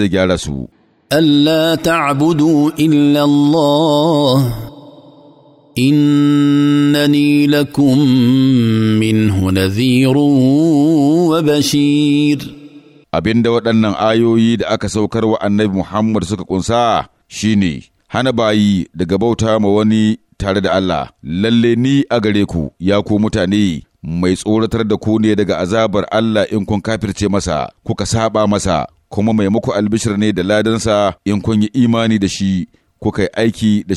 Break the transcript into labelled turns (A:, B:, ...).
A: zai gyara su.
B: Allah ta'budu illa Allah innani lakum minhu
C: nadhirun wa bashir. Abinda waɗannan ayoyi da aka saukar wa annabi Muhammad suka ƙunsa shine hana bayi daga bauta ma wani tare da Allah, lalle ni a gare ku, ya ku mutane, mai tsoratar da ku ne daga azabar Allah in kun kafirce masa, kuka saba masa, kuma mai muku albishir ne da ladansa in kun yi imani da shi kuka yi aiki da